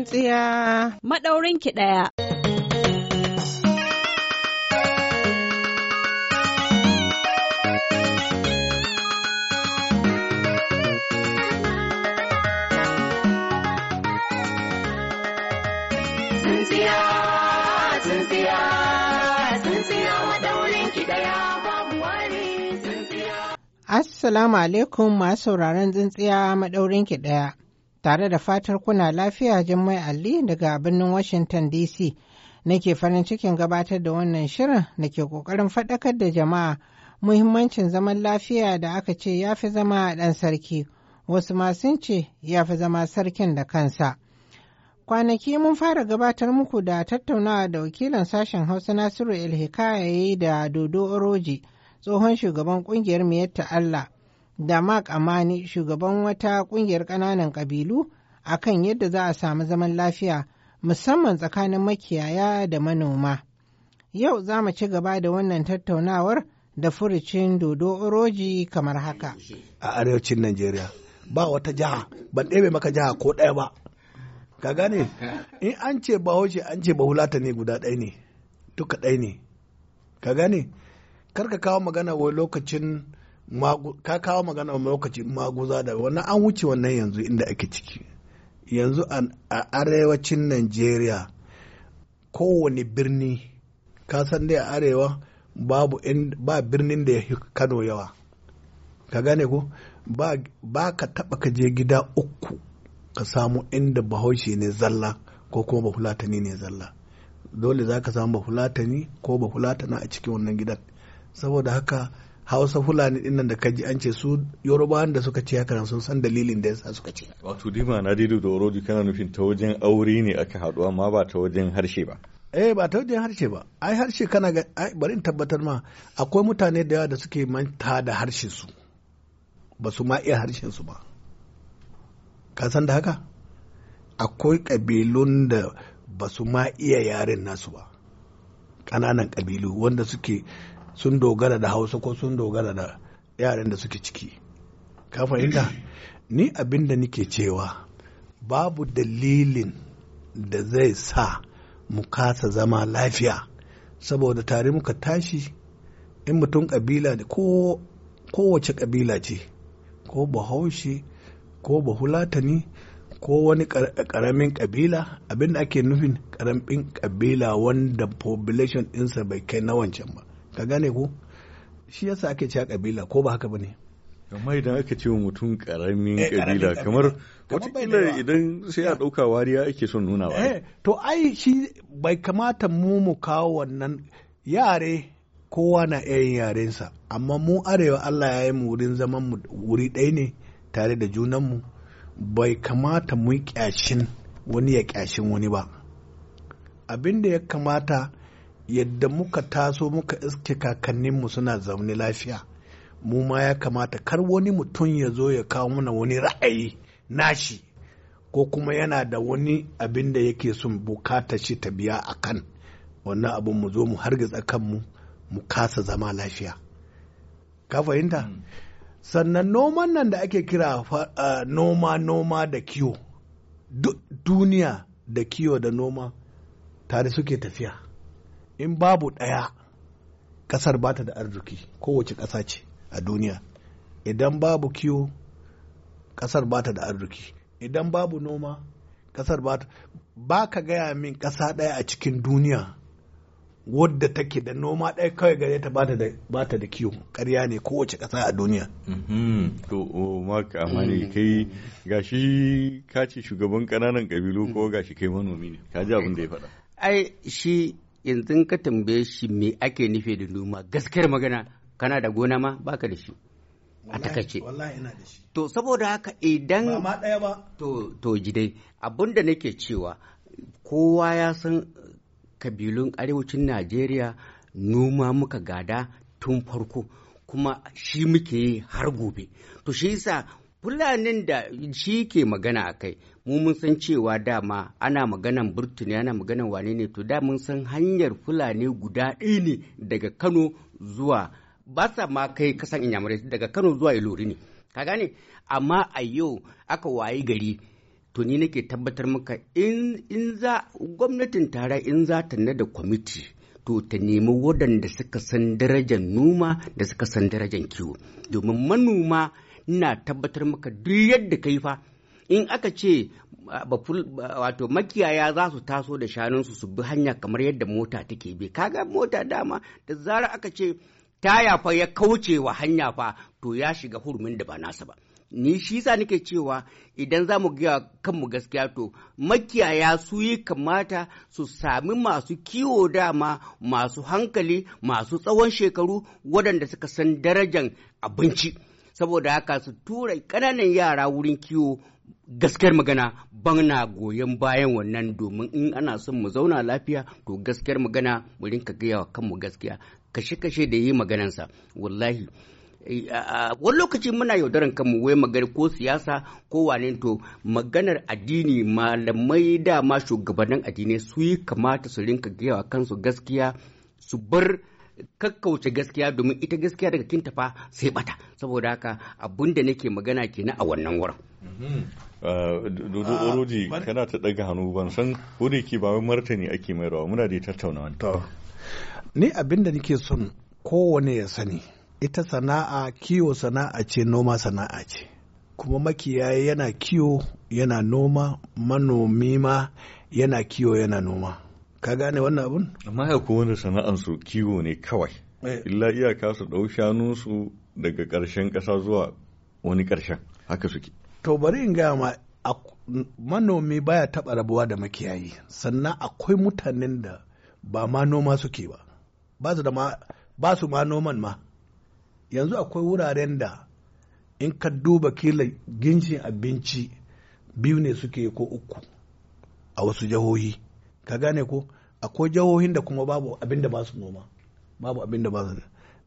Auren tsiya. Maɗaurin ki daya. Assalamu alaikum masu sauraron tsintsiya maɗaurin ki ɗaya. tare da fatar kuna lafiya Jummai Ali daga birnin Washington DC nake farin cikin gabatar da wannan shirin nake ke ƙoƙarin faɗakar da jama'a muhimmancin zaman lafiya da aka ce ya fi zama ɗan sarki wasu ma sun ce ya fi zama sarkin da kansa. Kwanaki mun fara gabatar muku da tattaunawa da wakilan sashen Hausa Nasiru El da Dodo Oroji tsohon shugaban ƙungiyar Miyatta Allah. da Mark Amani shugaban wata kungiyar ƙananan ƙabilu a kan yadda za a samu zaman lafiya musamman tsakanin makiyaya da manoma. Yau za mu ci gaba da wannan tattaunawar da furucin dodo oroji kamar haka. A arewacin Najeriya ba wata jiha ban ɗebe maka jiha ko ɗaya ba. Ka gane? In an ce bahaushe an ce bahulata ne guda ɗaya ne, duka ɗaya ne. Ka gane? Karka kawo magana wai lokacin ka kawo magana lokaci maguza da wannan an wuce wannan yanzu inda ake ciki yanzu a arewacin najeriya kowane birni ka san dai a arewa babu ba birnin da ya fi kano yawa ka gane ko ba ka taba ka je gida uku ka samu inda bahaushe ne zalla ko kuma bafulatani ne zalla dole za ka samu fulatani ko bafulatana a cikin wannan gidan saboda haka hausa fulani dinnan da kaji an ce su yorubawan da suka ce haka sun san dalilin da yasa suka ce wato dima na dido da orodi kana nufin ta wajen aure ne aka haɗu amma ba ta wajen harshe ba eh ba ta wajen harshe ba ai harshe kana ga ai bari in tabbatar ma akwai mutane da yawa da suke manta da harshen su ba su ma iya harshen su ba ka san da haka akwai kabilun da ba su ma iya yaren nasu ba ƙananan kabilu wanda suke sun dogara da hausa ko sun dogara da yaran da suke ciki ka fahimta mm. ni abin da nike cewa babu dalilin da zai sa mu kasa zama lafiya saboda tare muka tashi in mutum kabila da kowace kabila ce ko bahaushe ko bahulatani ko wani karamin kabila abinda ake nufin ƙaramin kabila wanda population ɗinsa bai kai na wancan ba ka gane ko shi yasa ake cewa kabila ko ba haka bane amma idan aka ce mutum karamin kabila eh, kamar wataƙila idan sai a ɗauka wariya ake son nuna wa eh, to ai shi bai kamata mu mu kawo wannan yare kowa na iya yin yarensa amma mu arewa Allah ya yi mu wurin zaman mu wuri ɗaya ne tare da junan mu. bai kamata mu kyashin wani ya kyashin wani ba abinda ya kamata yadda muka taso muka iske kakanninmu suna zaune lafiya mu ma ya kamata kar wani mutum ya zo ya kawo mana wani ra'ayi nashi ko kuma yana da wani abin da yake son bukata shi ta biya a kan wannan abin mu zo mu hargitsa kanmu mu kasa zama lafiya ka fahimta hmm. sannan noman nan da ake kira noma noma da kiwo duniya da kiwo da noma tare suke tafiya in babu ɗaya ƙasar ba ta da arziki kowace ƙasa ce a duniya idan babu kiwo ƙasar ba ta da arziki idan babu noma ƙasar ba ta ba ka gaya min ƙasa ɗaya a cikin duniya wadda take da noma ɗaya kawai gare ta ba ta da kiwo ƙarya ne kowace ƙasa a duniya. Mm-hmm. to o maka amani mm. kai gashi ka ce shugaban ƙananan ƙabilu ko gashi kai manomi ne ka ji abin da ya faɗa. ai shi yanzu ka tambaye shi me ake nufi da noma gaskiyar magana kana da gona ma baka da shi a takaice to saboda haka idan ma ɗaya ba to to jidai abinda nake cewa kowa ya san kabilun arewacin najeriya noma muka gada tun farko kuma shi muke yi har gobe to shi yasa fulanin da shi ke magana a kai mu mun san cewa dama ana maganan burtuni ana maganan wane ne to da mun san hanyar fulani guda ɗaya ne daga kano zuwa ba sa ma kai kasan inyamurai daga kano zuwa ilori ne ka gane amma a yau aka wayi gari to ni nake tabbatar maka in za gwamnatin tara in za ta da kwamiti to ta nemi waɗanda suka san darajar noma da suka san darajar kiwo domin manoma na tabbatar maka duk yadda kai fa in aka ce wato makiyaya za su taso da shanunsu su bi hanya kamar yadda mota take bi kaga mota dama da zara aka ce taya fa ya kauce wa hanya fa to ya shiga hurumin da ba nasa ba ni shi sa nake cewa idan za mu gaya kanmu gaskiya to makiyaya su yi kamata su sami masu kiwo dama masu hankali masu tsawon shekaru waɗanda suka san darajan abinci saboda haka su tura ƙananan yara wurin kiwo gaskiyar magana bana goyon bayan wannan domin in ana son mu zauna lafiya to gaskiyar magana mu rinka gaya wa kanmu gaskiya kashe-kashe da yi maganansa wallahi eh, wani lokaci muna yaudaran kanmu wai magana ko siyasa ko wane to maganar addini malamai dama shugabannin addinai su yi kamata su rinka gaya wa kansu gaskiya su bar kakkauce gaskiya domin ita gaskiya daga kinta fa sai bata saboda haka abun da nake magana kenan a wannan wurin mm-hmm. uh, dodo ah, oroji kana ta daga hannu ban san wuri ke ba martani ake mai rawa muna da tattaunawa to ni abin da nake son kowane ya sani ita sana'a kiwo sana'a ce noma sana'a ce kuma makiyaye yana kiwo yana noma manomi ma yana kiwo yana noma ka gane wannan abun amma ya kuma da sana'ansu kiwo ne kawai eh. illa iyaka su ɗau shanunsu daga ƙarshen ƙasa zuwa wani ƙarshen haka suke to bari in gaya ma manomi baya taɓa rabuwa da makiyayi sannan akwai mutanen da ba ma noma suke ba ba su da ma ba su ma noman ma yanzu akwai wuraren da in ka duba kila ginshin abinci biyu ne suke ko uku a wasu jihohi ka gane ko akwai jihohin da kuma babu abin da ba su noma babu abin ba su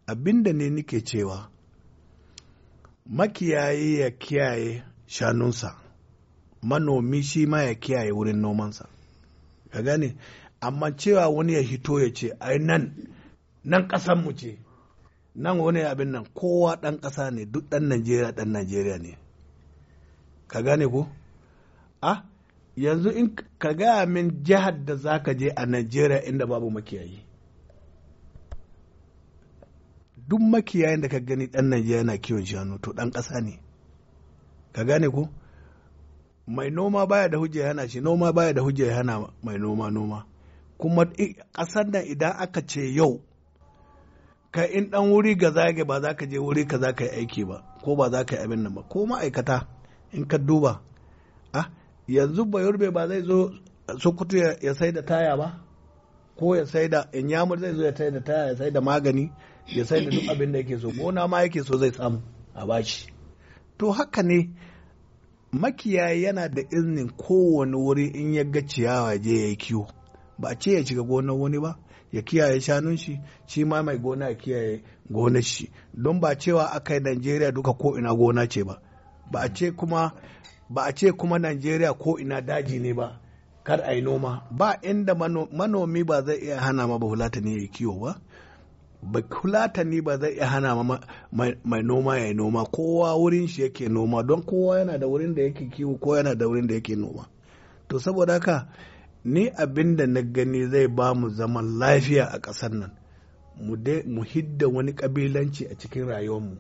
abin da ne nike cewa makiyayi ya kiyaye shanunsa manomi shi ma ya kiyaye wurin nomansa ka gane amma cewa wani ya hito ya ce ai nan nan mu ce nan wani abin nan kowa ɗan ƙasa ne duk ɗan najeriya ɗan najeriya ne ka gane ko ah yanzu in ka gaya min jihar da za ka je a najeriya inda babu makiyayi duk makiyayin da ka gani dan najeriya yana kiwon shanu to dan ƙasa ne ka gane ko mai noma baya da hujja yana shi noma baya da hujja yana mai noma noma kuma ƙasar nan idan aka ce yau ka in dan wuri ga zage ba za ka je wuri ka za ka yi aiki ba ko ba za ka yi abin nan ba ko ma'aikata in ka duba ah yanzu bayurbe ba zai zo sokoto ya sai da taya ba ko ya sai da inyamur zai zo ya sai da taya ya sai da magani ya sai da duk abin da yake so gona ma yake so zai samu a bashi to haka ne makiyayi yana da iznin kowane wuri in ya ga ciyawa je ya kiwo ba ce ya shiga gonar wani ba ya kiyaye shanun shi shi ma mai gona ya kiyaye gonar shi don ba cewa aka yi najeriya duka ko ina gona ce ba ba a ce kuma ba a ce kuma najeriya ko ina daji ne ba kar a yi noma ba inda manomi ba zai iya hana ma ne ya kiwo ba bafulatani ba zai iya hana ma mai noma ya yi noma kowa wurin shi yake noma don kowa yana da wurin da yake kiwo ko yana da wurin da yake noma to saboda haka ni abin da na gani zai ba mu zaman lafiya a ƙasar nan mu hidda wani ƙabilanci a cikin rayuwar mu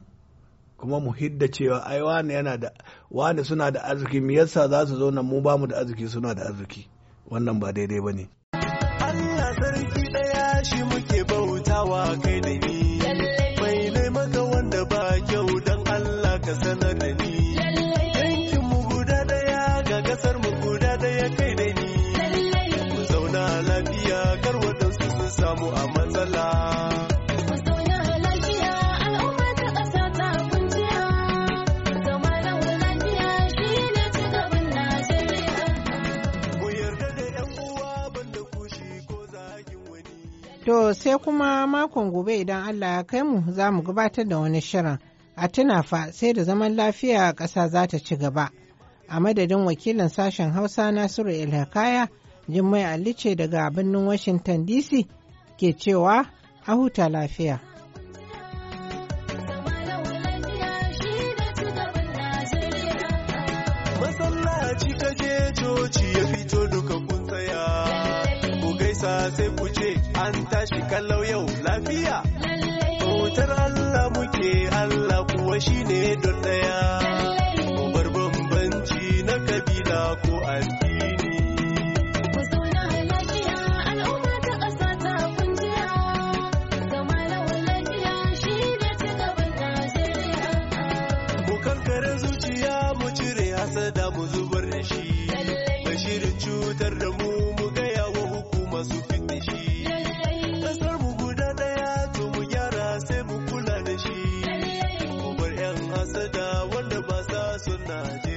kuma mu hidda cewa ai wane yana da wane suna da arziki me yasa za su zo nan mu bamu da arziki suna da arziki wannan ba daidai ba ne Allah sarki daya shi muke bautawa kai da ni Mai ne maka wanda ba kyau dan Allah ka sanar da ni yankin mu guda daya ga kasar mu guda daya kai da ni ku zauna lafiya kar wadansu sun samu amma. sai kuma makon gobe idan Allah ya kai mu za mu gabatar da wani shirin. A tuna fa sai da zaman lafiya ƙasa za ta ci gaba. A madadin wakilin sashen Hausa Nasiru Ilhakaya, Jummai Ali ce daga birnin Washington DC ke cewa a huta lafiya. Masallaci coci ya sai ce an kalau yau lafiya bautar Allah muke Allah kuwa shine don ɗaya, bar bambanci na kabila ko addini mu kankare zuciya mu cire hasada mu zubar da shi saje